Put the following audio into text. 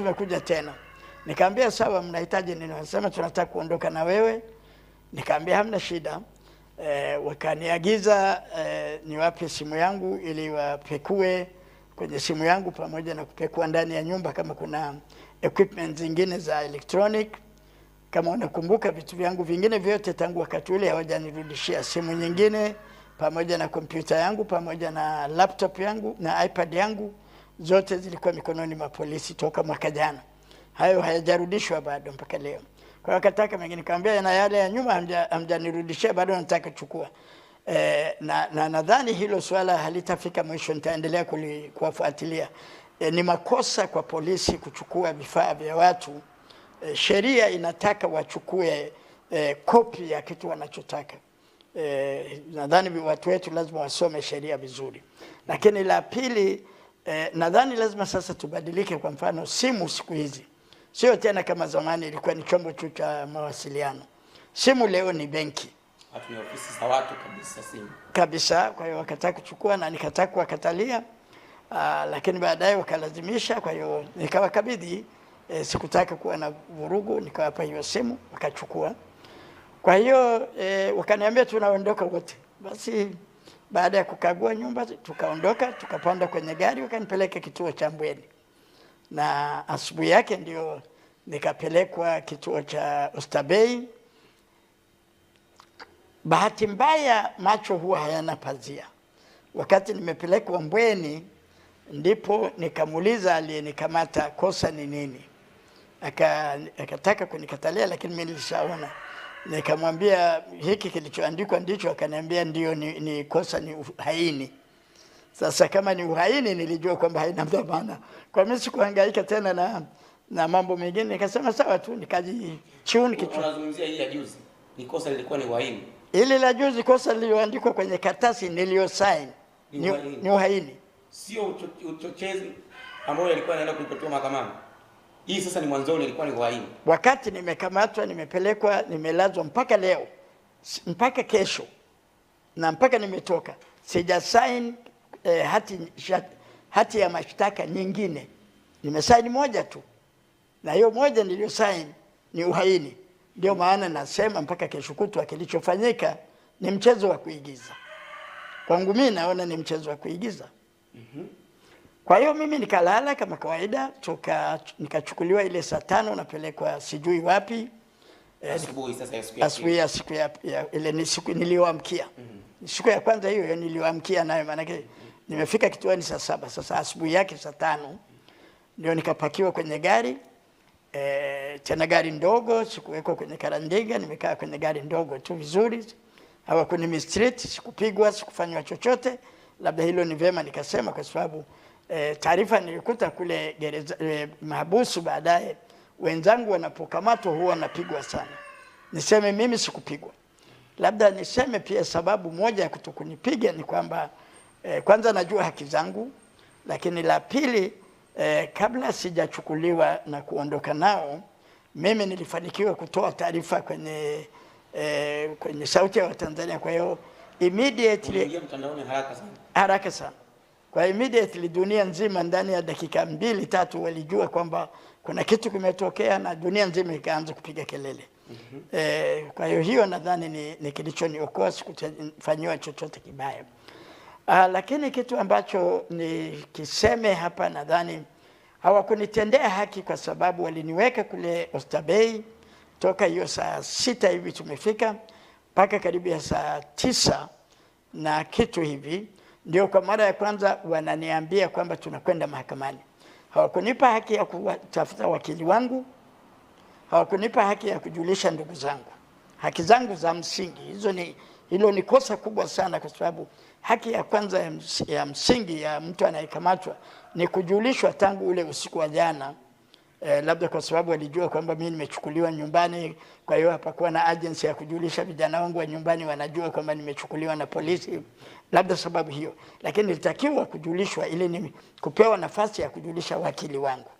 tumekuja tena. Nikamwambia sawa, mnahitaji nini? Anasema tunataka kuondoka na wewe. Nikamwambia hamna shida. E, wakaniagiza e, niwape simu yangu ili wapekue kwenye simu yangu pamoja na kupekua ndani ya nyumba kama kuna equipment zingine za electronic. Kama unakumbuka vitu vyangu vingine vyote tangu wakati ule hawajanirudishia, simu nyingine pamoja na kompyuta yangu pamoja na laptop yangu na iPad yangu zote zilikuwa mikononi mwa polisi toka mwaka jana. Hayo hayajarudishwa bado mpaka leo. Kwa akataka mengine kaambia, na yale ya nyuma hamjanirudishia bado, nataka chukua e, eh, na na nadhani hilo swala halitafika mwisho, nitaendelea kuwafuatilia. E, ni makosa kwa polisi kuchukua vifaa vya watu e, sheria inataka wachukue e, kopi ya kitu wanachotaka. E, nadhani watu wetu lazima wasome sheria vizuri, lakini la pili eh, nadhani lazima sasa tubadilike. Kwa mfano simu siku hizi sio tena kama zamani ilikuwa ni chombo tu cha mawasiliano. Simu leo ni benki ofisi za watu kabisa, simu kabisa. Kwa hiyo wakataka kuchukua na nikataka kuwakatalia, ah, lakini baadaye wakalazimisha. Kwa hiyo nikawakabidhi, e, sikutaka kuwa na vurugu, nikawapa hiyo simu wakachukua. Kwa hiyo e, wakaniambia tunaondoka wote, basi baada ya kukagua nyumba, tukaondoka tukapanda kwenye gari, wakanipeleka kituo cha Mbweni, na asubuhi yake ndio nikapelekwa kituo cha ustabei Bahati mbaya macho huwa hayana pazia. Wakati nimepelekwa Mbweni, ndipo nikamuuliza aliyenikamata kosa ni nini, akataka kunikatalia, lakini mimi nilishaona Nikamwambia hiki kilichoandikwa ndicho, akaniambia ndio, ni, ni kosa ni uhaini. Sasa kama ni uhaini, nilijua kwamba haina dhamana. Kwa mimi sikuhangaika tena na na mambo mengine, nikasema sawa tu, nikajichuni kichwa. Unazungumzia ile ya juzi, ni kosa lilikuwa ni uhaini. Ile la juzi kosa lililoandikwa kwenye karatasi niliyosaini ni uhaini, sio uchochezi ambao mahakamani. Hii sasa ni mwanzoni ilikuwa ni uhaini Wakati nimekamatwa, nimepelekwa, nimelazwa mpaka leo mpaka kesho na mpaka nimetoka sija sign eh, hati, hati ya mashtaka nyingine. Nimesaini moja tu, na hiyo moja niliyo sign ni uhaini. Ndio maana nasema mpaka kesho kutwa kilichofanyika ni mchezo wa kuigiza. Kwangu mimi naona ni mchezo wa kuigiza. mm -hmm. Kwa hiyo mimi nikalala kama kawaida, nikachukuliwa ile saa tano napelekwa sijui wapi eh, asubuhi. Sasa ya siku ya, ya ile ni siku niliyoamkia mm -hmm. siku ya kwanza hiyo hiyo niliyoamkia nayo, maanake mm -hmm. nimefika kituoni saa saba. Sasa asubuhi yake saa tano ndio nikapakiwa kwenye gari e, tena gari ndogo, sikuwekwa kwenye karandega nimekaa kwenye gari ndogo tu vizuri, hawakuni mistreet, sikupigwa, sikufanywa chochote. Labda hilo ni vema nikasema, kwa sababu eh, taarifa nilikuta kule gereza eh, mahabusu baadaye, wenzangu wanapokamatwa huwa wanapigwa sana. Niseme mimi sikupigwa, labda niseme pia sababu moja ya kutokunipiga ni kwamba eh, kwanza najua haki zangu, lakini la pili eh, kabla sijachukuliwa na kuondoka nao mimi nilifanikiwa kutoa taarifa kwenye eh, kwenye sauti ya Watanzania. Kwa hiyo immediately haraka sana, haraka sana kwa immediately dunia nzima ndani ya dakika mbili tatu walijua kwamba kuna kitu kimetokea na dunia nzima ikaanza kupiga kelele. mm -hmm. E, kwa hiyo hiyo nadhani ni, ni kilichoniokoa sikufanyiwa chochote kibaya. Aa, ah, lakini kitu ambacho nikiseme hapa nadhani hawakunitendea haki kwa sababu waliniweka kule Oysterbay toka hiyo saa sita hivi tumefika mpaka karibu ya saa tisa na kitu hivi ndio kwa mara ya kwanza wananiambia kwamba tunakwenda mahakamani. Hawakunipa haki ya kutafuta wakili wangu, hawakunipa haki ya kujulisha ndugu zangu haki zangu za msingi hizo. Ni hilo ni kosa kubwa sana, kwa sababu haki ya kwanza ya msingi ya mtu anayekamatwa ni kujulishwa tangu ule usiku wa jana eh, labda kwa sababu walijua kwamba mimi nimechukuliwa nyumbani, kwa hiyo hapakuwa na agency ya kujulisha vijana wangu wa nyumbani wanajua kwamba nimechukuliwa na polisi, labda sababu hiyo, lakini nilitakiwa kujulishwa ili ni kupewa nafasi ya kujulisha wakili wangu.